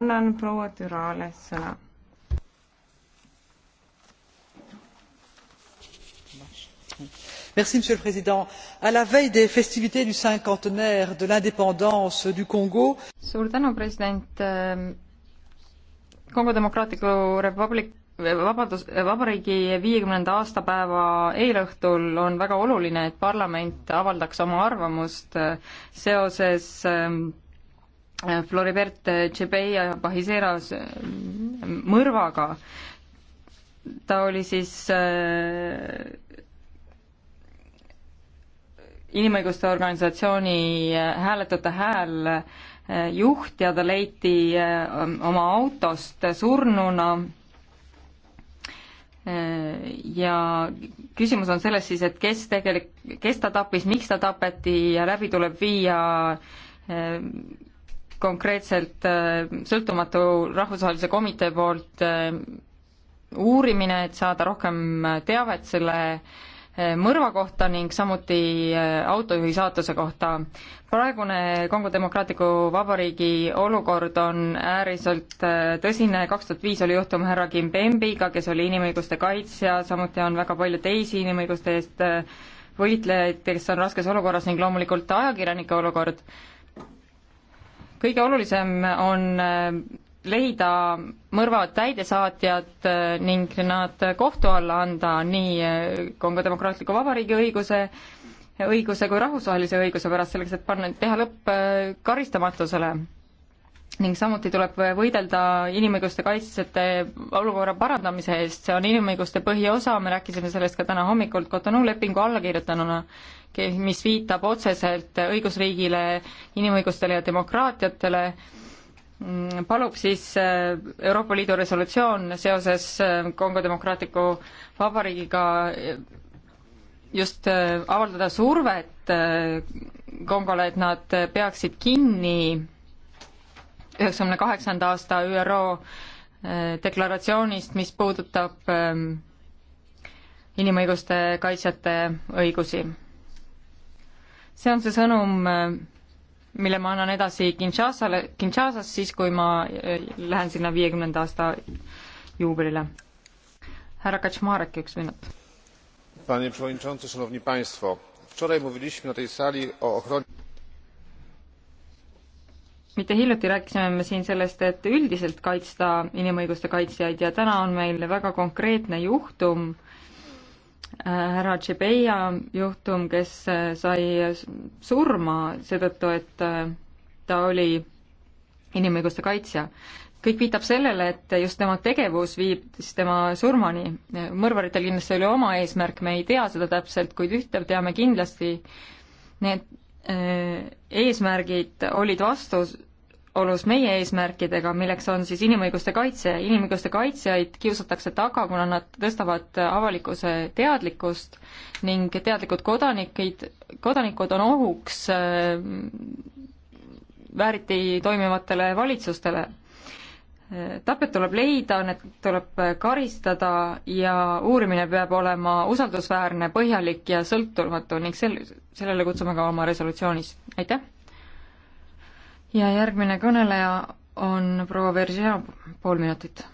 annan proua Türale sõna. monsieur le président à la veille des festivités du cinquantenaire de l'indépendance du congo kongo äh, demokraatliku republik vabadus vabariigi viiekümnenda aastapäeva eelõhtul on väga oluline et parlament avaldaks oma arvamust äh, seoses ähm, Äh, Floribert äh, Chebeia Bahiseras äh, mõrvaga. ta oli siis äh, inimõiguste organisatsiooni Hääletute hääl juht ja ta leiti oma autost surnuna. ja küsimus on selles siis, et kes tegelik-, kes ta tappis, miks ta tapeti ja läbi tuleb viia konkreetselt äh, sõltumatu rahvusvahelise komitee poolt äh, uurimine, et saada rohkem äh, teavet selle mõrva kohta ning samuti autojuhi saatuse kohta. praegune Kongo Demokraatliku Vabariigi olukord on ääriselt tõsine, kaks tuhat viis oli juhtum härra Kimbembiga, kes oli inimõiguste kaitsja, samuti on väga palju teisi inimõiguste eest võitlejaid, kes on raskes olukorras ning loomulikult ajakirjanike olukord kõige olulisem on äh, leida mõrvad täidesaatjad äh, ning nad kohtu alla anda nii äh, Kongo Demokraatliku Vabariigi õiguse, õiguse kui rahvusvahelise õiguse pärast, selleks et panna, teha lõpp karistamatusele ning samuti tuleb võidelda inimõiguste kaitsjate olukorra parandamise eest, see on inimõiguste põhiosa, me rääkisime sellest ka täna hommikul Cotonou lepingu allakirjutanuna, mis viitab otseselt õigusriigile, inimõigustele ja demokraatiatele, palub siis äh, Euroopa Liidu resolutsioon seoses äh, Kongo Demokraatliku Vabariigiga äh, just avaldada survet Kongole, et nad peaksid kinni üheksakümne kaheksanda aasta ÜRO äh, deklaratsioonist, mis puudutab ähm, inimõiguste kaitsjate õigusi. see on see sõnum, äh, mille ma annan edasi Kinshasale, Kinshasas siis, kui ma äh, lähen sinna viiekümnenda aasta juubelile. härra Kaczmarek, üks minut. Panie przewodniczący, szanowni państwo, wczoraj mówiliśmy na tej sali o ochronie mitte hiljuti rääkisime me siin sellest, et üldiselt kaitsta inimõiguste kaitsjaid ja täna on meil väga konkreetne juhtum, härra Tšebeia juhtum, kes sai surma seetõttu, et äh, ta oli inimõiguste kaitsja. kõik viitab sellele, et just tema tegevus viibis tema surmani. mõrvaritel kindlasti oli oma eesmärk, me ei tea seda täpselt, kuid ühte teame kindlasti, need Äh, eesmärgid olid vastuolus meie eesmärkidega, milleks on siis inimõiguste kaitse. inimõiguste kaitsjaid kiusatakse taga, kuna nad tõstavad avalikkuse teadlikkust ning teadlikud kodanikid, kodanikud on ohuks äh, vääriti toimivatele valitsustele tapjad tuleb leida, need tuleb karistada ja uurimine peab olema usaldusväärne, põhjalik ja sõltumatu ning sel-, sellele kutsume ka oma resolutsioonis, aitäh! ja järgmine kõneleja on proua Veržea, pool minutit.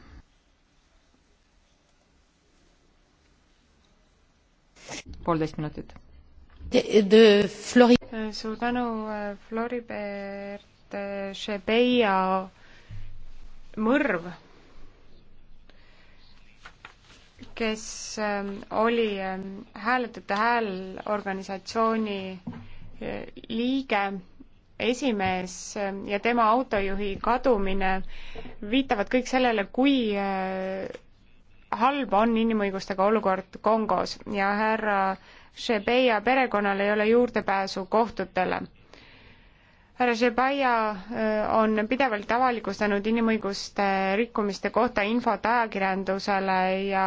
poolteist minutit. suur tänu, Floribert Chebeia mõrv, kes ähm, oli ähm, Hääletute Hääl organisatsiooni äh, liige, esimees ähm, ja tema autojuhi kadumine viitavad kõik sellele, kui äh, halb on inimõigustega olukord Kongos ja härra Shebeia perekonnal ei ole juurdepääsu kohtutele härra Žebaia äh, on pidevalt avalikustanud inimõiguste rikkumiste kohta infot ajakirjandusele ja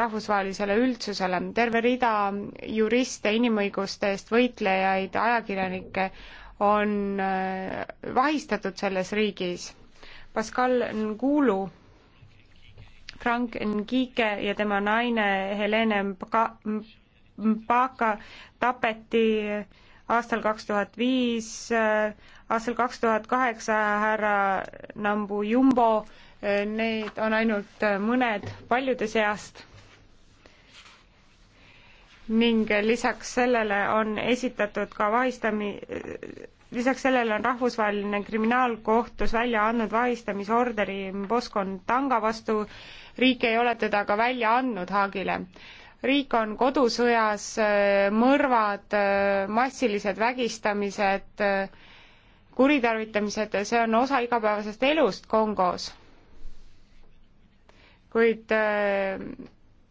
rahvusvahelisele üldsusele. terve rida juriste, inimõiguste eest võitlejaid, ajakirjanikke on äh, vahistatud selles riigis. Pascal Ngulu, Frank Ngike ja tema naine Helene Mbaka tapeti aastal kaks tuhat viis, äh, aastal kaks tuhat kaheksa härra Nambu Jumbo, äh, need on ainult äh, mõned paljude seast. ning lisaks sellele on esitatud ka vahistami-, lisaks sellele on Rahvusvaheline Kriminaalkohtus välja andnud vahistamisorderi Boskon Tanga vastu, riik ei ole teda ka välja andnud Haagile riik on kodusõjas, mõrvad, massilised vägistamised, kuritarvitamised, see on osa igapäevasest elust Kongos. kuid äh,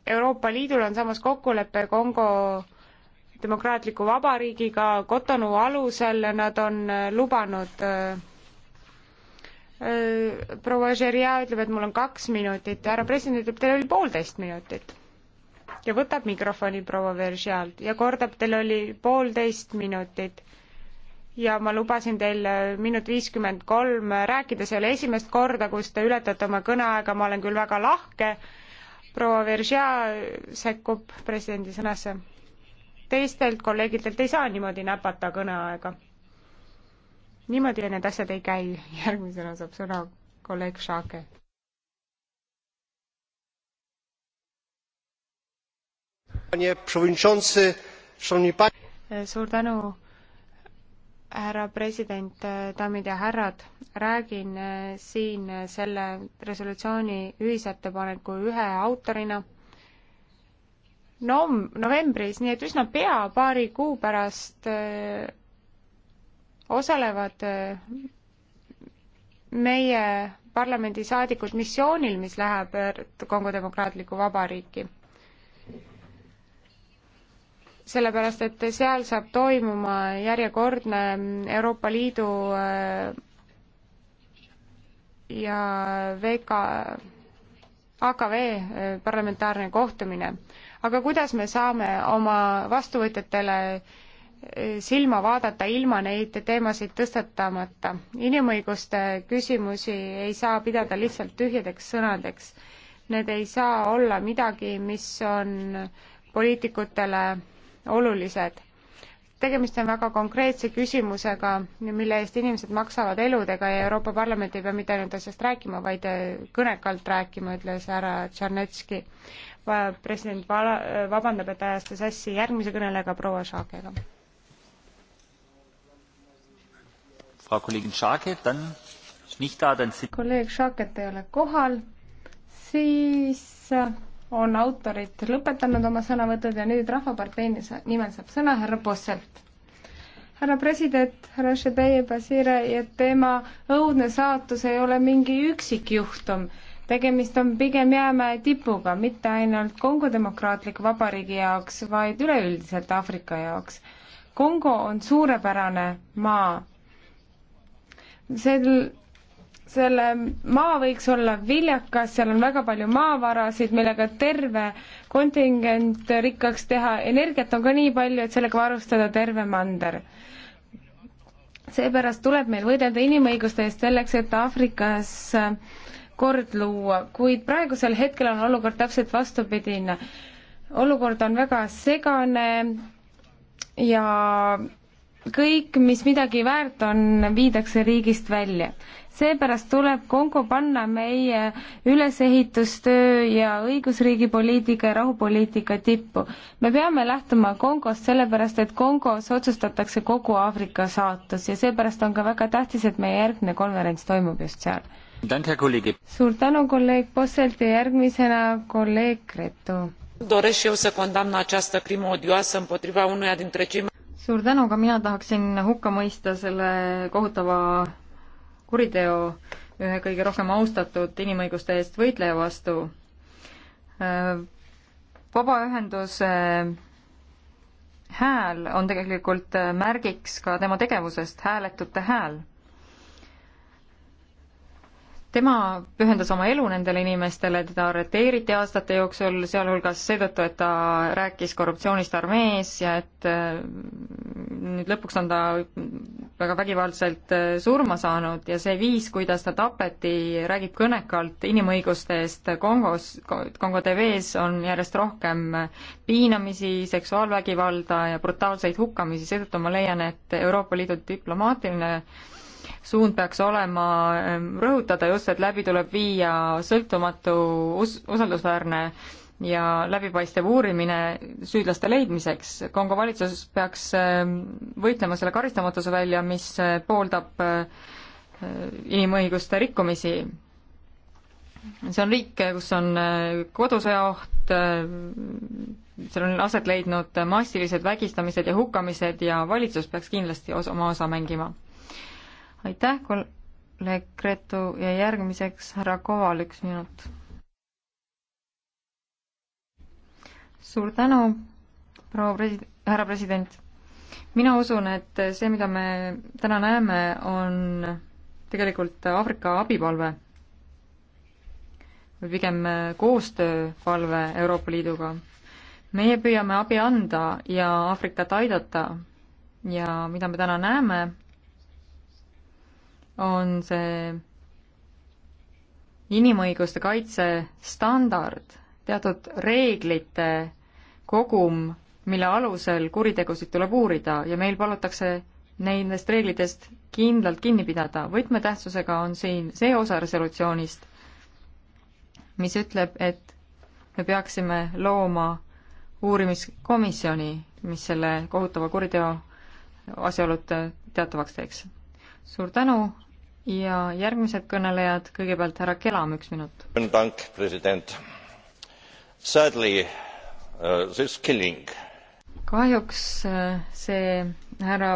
Euroopa Liidul on samas kokkulepe Kongo demokraatliku vabariigiga Cotonou alusel, nad on äh, lubanud äh, proua Žeria ütleb, et mul on kaks minutit, härra president ütleb, teil oli poolteist minutit ja võtab mikrofoni proua Veržialt ja kordab, teil oli poolteist minutit. ja ma lubasin teil äh, minut viiskümmend kolm äh, rääkida, see ei ole esimest korda, kus te ületate oma kõneaega, ma olen küll väga lahke, proua Veržia äh, sekkub presidendi sõnasse. teistelt kolleegidelt ei saa niimoodi näpata kõneaega. niimoodi need asjad ei käi, järgmisena saab sõna kolleeg Šake suur tänu, härra president, daamid ja härrad. räägin eh, siin selle resolutsiooni ühisettepaneku ühe autorina no novembris, nii et üsna pea paari kuu pärast öö, eh, osalevad öö, eh, meie parlamendisaadikud missioonil, mis läheb Kongo Demokraatlikku Vabariiki sellepärast et seal saab toimuma järjekordne Euroopa Liidu äh, ja VK, AKV äh, parlamentaarne kohtumine. aga kuidas me saame oma vastuvõtjatele äh, silma vaadata ilma neid teemasid tõstatamata. inimõiguste küsimusi ei saa pidada lihtsalt tühjadeks sõnadeks. Need ei saa olla midagi, mis on poliitikutele olulised. tegemist on väga konkreetse küsimusega, mille eest inimesed maksavad eludega ja Euroopa Parlament ei pea mitte ainult asjast rääkima, vaid äh, kõnekalt rääkima, ütles härra Tšarnetski. president vala-, vabandab, et ajastas asja järgmise kõnelega proua Šakega. Frau Kollegin Schake, dann ist nicht da, dann kolleeg Šaket ei ole kohal, siis äh, on autorid lõpetanud oma sõnavõtud ja nüüd Rahvapartei nimel saab sõna härra Posselt. härra president, härra Šebeje Basire ja tema õudne saatus ei ole mingi üksikjuhtum. tegemist on pigem jäämäe tipuga, mitte ainult Kongo Demokraatliku Vabariigi jaoks, vaid üleüldiselt Aafrika jaoks. Kongo on suurepärane maa. sel selle maa võiks olla viljakas, seal on väga palju maavarasid, millega terve kontingent rikkaks teha, energiat on ka nii palju, et sellega varustada terve mander. seepärast tuleb meil võidelda inimõiguste eest selleks, et Aafrikas kord luua, kuid praegusel hetkel on olukord täpselt vastupidine. olukord on väga segane ja kõik, mis midagi väärt on, viidakse riigist välja. seepärast tuleb Kongo panna meie ülesehitustöö ja õigusriigi poliitika ja rahupoliitika tippu. me peame lähtuma Kongost, sellepärast et Kongos otsustatakse kogu Aafrika saatus ja seepärast on ka väga tähtis, et meie järgmine konverents toimub just seal. suur tänu, kolleeg Posselt ja järgmisena kolleeg Gretu. doresc și eu să condamn această crimă odioasă împotriva unuia dintre cei suur tänu, ka mina tahaksin hukka mõista selle kohutava kuriteo ühe kõige rohkem austatud inimõiguste eest võitleja vastu. Äh, vabaühenduse hääl on tegelikult märgiks ka tema tegevusest, hääletute hääl tema pühendas oma elu nendele inimestele, teda arreteeriti aastate jooksul, sealhulgas seetõttu, et ta rääkis korruptsioonist armees ja et äh, nüüd lõpuks on ta väga vägivaldselt äh, surma saanud ja see viis, kuidas ta tapeti, räägib kõnekalt inimõiguste eest Kongos, Kongo TV-s on järjest rohkem äh, piinamisi, seksuaalvägivalda ja brutaalseid hukkamisi, seetõttu ma leian, et Euroopa Liidu diplomaatiline suund peaks olema ehm, rõhutada just, et läbi tuleb viia sõltumatu us-, usaldusväärne ja läbipaistev uurimine süüdlaste leidmiseks. Kongo valitsus peaks ehm, võitlema selle karistamatuse välja, mis eh, pooldab eh, inimõiguste rikkumisi. see on riik, kus on eh, kodusõja oht, ehm, seal on aset leidnud massilised vägistamised ja hukkamised ja valitsus peaks kindlasti os-, oma osa mängima aitäh, kolleeg Gretu ja järgmiseks härra Koval, üks minut. suur tänu, proua presi-, härra president. mina usun, et see, mida me täna näeme, on tegelikult Aafrika abipalve või pigem koostööpalve Euroopa Liiduga. meie püüame abi anda ja Aafrikat aidata ja mida me täna näeme, on see inimõiguste kaitse standard, teatud reeglite kogum, mille alusel kuritegusid tuleb uurida ja meil palutakse nendest reeglitest kindlalt kinni pidada. võtmetähtsusega on siin see osa resolutsioonist, mis ütleb, et me peaksime looma uurimiskomisjoni, mis selle kohutava kuriteo asjaolud teatavaks teeks suur tänu ja järgmised kõnelejad, kõigepealt härra Kelam, üks minut. Sadly uh, this killing kahjuks uh, see härra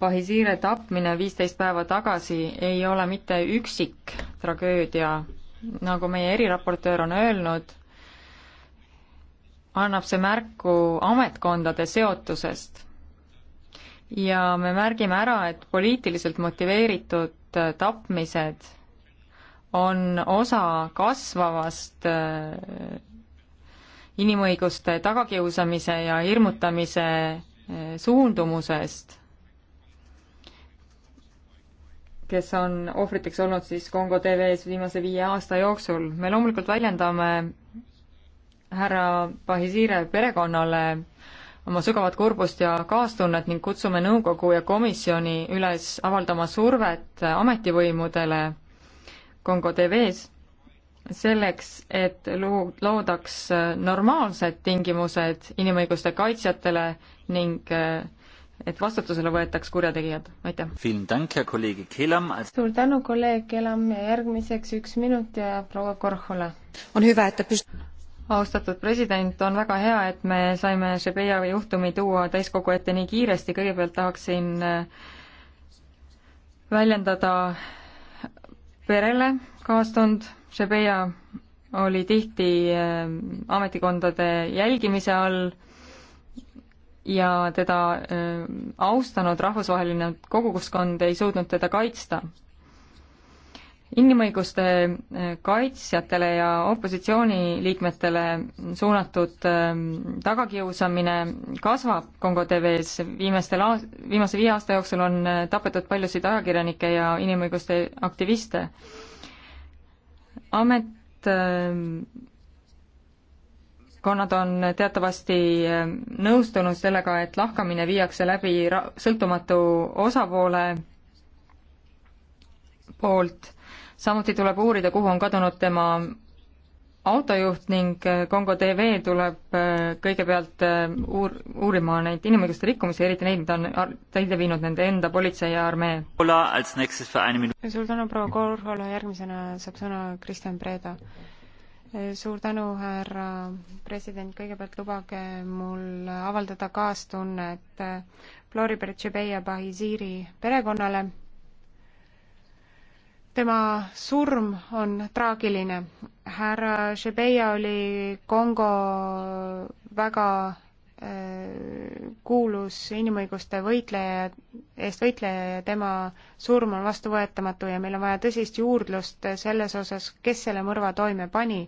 Pahisiire tapmine viisteist päeva tagasi ei ole mitte üksik tragöödia, nagu meie eriraportöör on öelnud, annab see märku ametkondade seotusest ja me märgime ära, et poliitiliselt motiveeritud äh, tapmised on osa kasvavast äh, inimõiguste tagakiusamise ja hirmutamise äh, suundumusest, kes on ohvriteks olnud siis Kongo TV-s viimase viie aasta jooksul. me loomulikult väljendame härra Pahisire perekonnale oma sügavat kurbust ja kaastunnet ning kutsume nõukogu ja komisjoni üles avaldama survet ametivõimudele Kongo TV-s selleks, et lu-, loodaks normaalsed tingimused inimõiguste kaitsjatele ning eh, et vastutusele võetaks kurjategijad, aitäh. suur tänu, kolleeg Kelam ja järgmiseks üks minut ja proua Korhola. on hüve, et te püst- austatud president, on väga hea, et me saime Šebeja juhtumi tuua täiskogu ette nii kiiresti, kõigepealt tahaksin äh, väljendada perele kaastund, Šebeja oli tihti äh, ametikondade jälgimise all ja teda äh, austanud rahvusvaheline kogukuskond ei suutnud teda kaitsta inimõiguste äh, kaitsjatele ja opositsiooniliikmetele suunatud ähm, tagakiusamine kasvab Kongo TV-s, viimastel aas-, viimase viie aasta jooksul on äh, tapetud paljusid ajakirjanikke ja inimõiguste aktiviste. ametkonnad ähm, on teatavasti ähm, nõustunud sellega, et lahkamine viiakse läbi ra-, sõltumatu osapoole poolt samuti tuleb uurida, kuhu on kadunud tema autojuht ning äh, Kongo TV tuleb äh, kõigepealt äh, uur-, uurima neid inimõiguste rikkumisi, eriti neid, mida on täide viinud nende enda politsei ja armee. suur tänu, proua Korhola, järgmisena saab sõna Kristjan Preda. suur tänu, härra president, kõigepealt lubage mul avaldada kaastunnet Floribert Chebeya Bahiziri perekonnale tema surm on traagiline. härra Shebeia oli Kongo väga äh, kuulus inimõiguste võitleja, eest võitleja ja tema surm on vastuvõetamatu ja meil on vaja tõsist juurdlust selles osas, kes selle mõrva toime pani.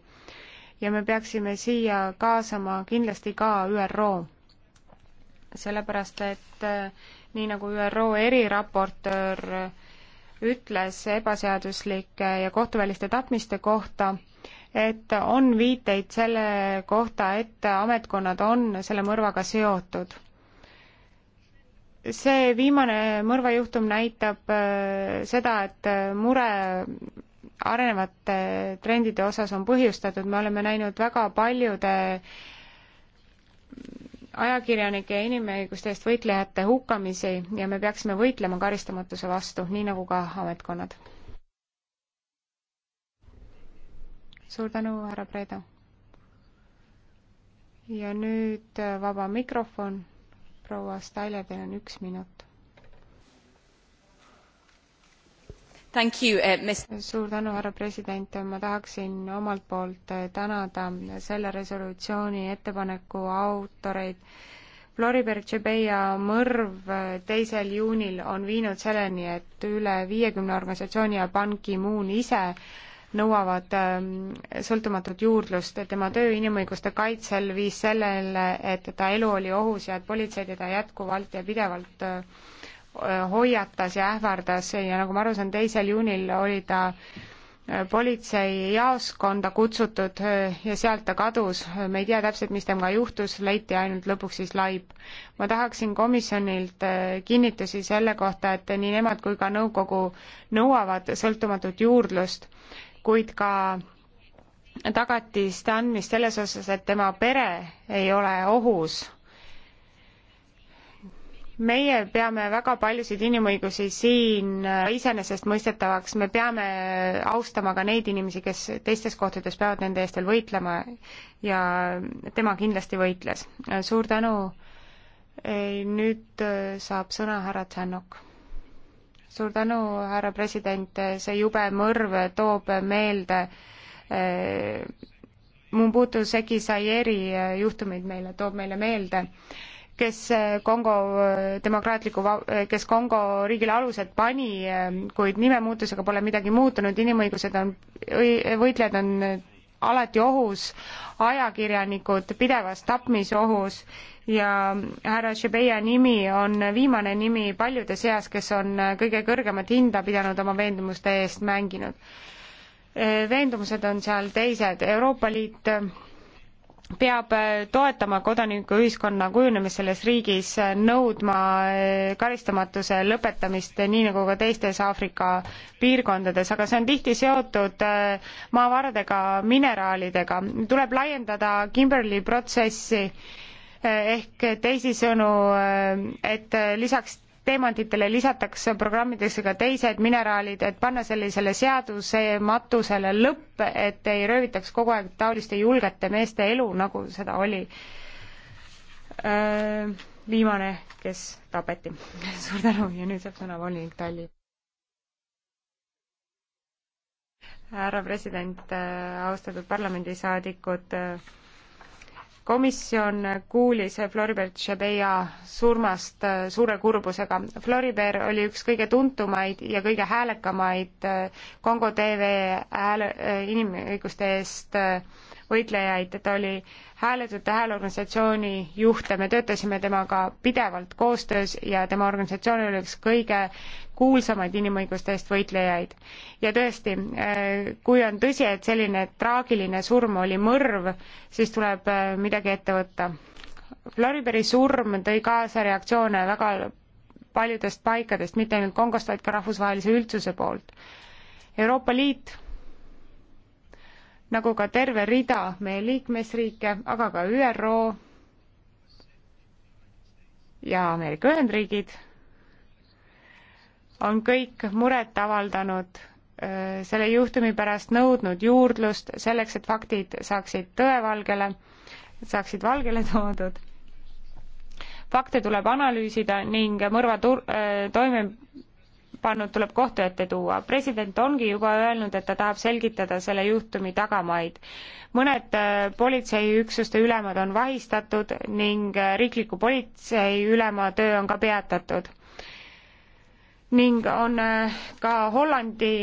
ja me peaksime siia kaasama kindlasti ka ÜRO. sellepärast, et äh, nii nagu ÜRO eriraportöör äh, ütles ebaseaduslike ja kohtuväliste tapmiste kohta, et on viiteid selle kohta, et ametkonnad on selle mõrvaga seotud. see viimane mõrvajuhtum näitab äh, seda, et äh, mure arenevate trendide osas on põhjustatud, me oleme näinud väga paljude ajakirjanike ja inimõiguste eest võitlejate hukkamisi ja me peaksime võitlema karistamatuse vastu, nii nagu ka ametkonnad. suur tänu, härra Preeda. ja nüüd äh, vaba mikrofon. proua Stalja, teil on üks minut. Uh, suur tänu, härra president, ma tahaksin omalt poolt äh, tänada selle resolutsiooni ettepaneku autoreid. Floribert Chebeya mõrv äh, teisel juunil on viinud selleni, et üle viiekümne organisatsiooni ja Ban Ki-moon ise nõuavad ähm, sõltumatut juurdlust. tema töö inimõiguste kaitsel viis sellele, et ta elu oli ohus ja et politsei teda jätkuvalt ja pidevalt äh, Äh, hoiatas ja ähvardas ja nagu ma aru saan, teisel juunil oli ta äh, politseijaoskonda kutsutud äh, ja sealt ta kadus, me ei tea täpselt, mis temaga juhtus, leiti ainult lõpuks siis laip. ma tahaksin komisjonilt kinnitusi selle kohta, et nii nemad kui ka nõukogu nõuavad sõltumatut juurdlust, kuid ka tagatiste andmist selles osas, et tema pere ei ole ohus meie peame väga paljusid inimõigusi siin äh, iseenesestmõistetavaks, me peame austama ka neid inimesi, kes teistes kohtades peavad nende eest veel võitlema ja tema kindlasti võitles. Äh, suur tänu, nüüd äh, saab sõna härra Tšannok. suur tänu, härra president, see jube mõrv toob meelde Mumbutu Segi Saieri juhtumeid meile, toob meile meelde äh, kes Kongo demokraatliku, kes Kongo riigile alused pani, kuid nimemuutusega pole midagi muutunud, inimõigused on, võitlejad on alati ohus, ajakirjanikud pidevas tapmisohus ja härra Shebeia nimi on viimane nimi paljude seas, kes on kõige kõrgemat hinda pidanud oma veendumuste eest mänginud. veendumused on seal teised, Euroopa Liit peab äh, toetama kodanikuühiskonna kujunemist selles riigis, äh, nõudma äh, karistamatuse lõpetamist, nii nagu ka teistes Aafrika piirkondades, aga see on tihti seotud maavaradega, mineraalidega. tuleb laiendada Kimberli protsessi ehk teisisõnu, et lisaks teemantidele lisatakse programmidesse ka teised mineraalid, et panna sellisele seadusematusele lõpp, et ei röövitaks kogu aeg taoliste julgete meeste elu, nagu seda oli öö, viimane, kes tapeti. suur tänu ja nüüd saab sõna volinik Talli. härra president, austatud parlamendisaadikud komisjon kuulis Floribert Chebeya surmast äh, suure kurbusega. Floribert oli üks kõige tuntumaid ja kõige häälekamaid äh, Kongo TV hääle, äh, inimõiguste eest äh, võitlejaid, ta oli Hääletute Hääleorganisatsiooni juht ja me töötasime temaga pidevalt koostöös ja tema organisatsioon oli üks kõige kuulsamaid inimõiguste eest võitlejaid. ja tõesti, kui on tõsi, et selline traagiline surm oli mõrv, siis tuleb äh, midagi ette võtta. Floriberi surm tõi kaasa reaktsioone väga paljudest paikadest, mitte ainult Kongost, vaid ka rahvusvahelise üldsuse poolt. Euroopa Liit nagu ka terve rida meie liikmesriike, aga ka ÜRO ja Ameerika Ühendriigid on kõik muret avaldanud äh, selle juhtumi pärast nõudnud juurdlust selleks, et faktid saaksid tõevalgele, saaksid valgele toodud. fakte tuleb analüüsida ning mõrva tur-, äh, toime pannud, tuleb kohtu ette tuua. president ongi juba öelnud, et ta tahab selgitada selle juhtumi tagamaid. mõned äh, politseiüksuste ülemad on vahistatud ning äh, riikliku politseiülema töö on ka peatatud. ning on äh, ka Hollandi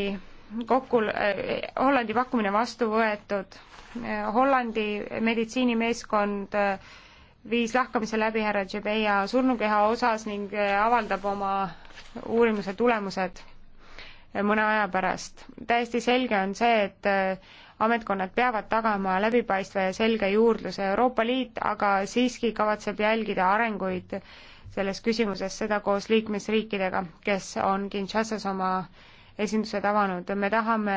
kokku, Hollandi pakkumine vastu võetud. Hollandi meditsiinimeeskond viis lahkamise läbi härra Džebeja surnukeha osas ning avaldab oma uurimuse tulemused mõne aja pärast. täiesti selge on see, et äh, ametkonnad peavad tagama läbipaistva ja selge juurdluse. Euroopa Liit aga siiski kavatseb jälgida arenguid selles küsimuses, seda koos liikmesriikidega, kes on Kinshasas oma esindused avanud. me tahame,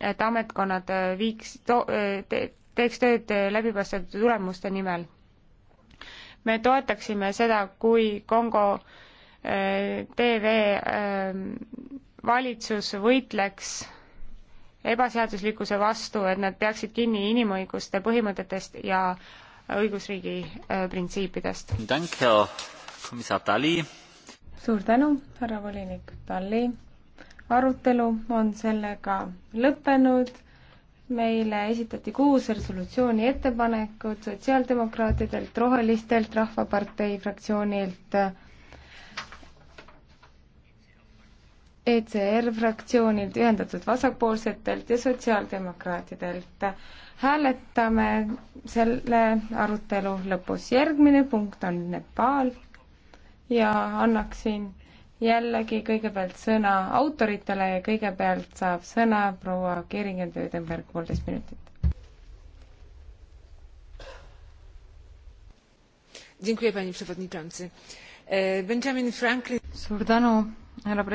et ametkonnad äh, viiks, äh, teeks tööd läbipaistvate tulemuste nimel. me toetaksime seda, kui Kongo äh, TV ähm, valitsus võitleks ebaseaduslikkuse vastu, et nad peaksid kinni inimõiguste põhimõtetest ja õigusriigi äh, printsiipidest. suur tänu, härra volinik Talli. arutelu on sellega lõppenud. meile esitati kuus resolutsiooni ettepanekut sotsiaaldemokraatidelt, rohelistelt, Rahvapartei fraktsioonilt ECR fraktsioonilt, Ühendatud Vasakpoolsetelt ja Sotsiaaldemokraatidelt. hääletame selle arutelu lõpus. järgmine punkt on Nepaal ja annaksin jällegi kõigepealt sõna autoritele ja kõigepealt saab sõna proua Keringen-Tödenberg, poolteist minutit. E, suur tänu, härra president.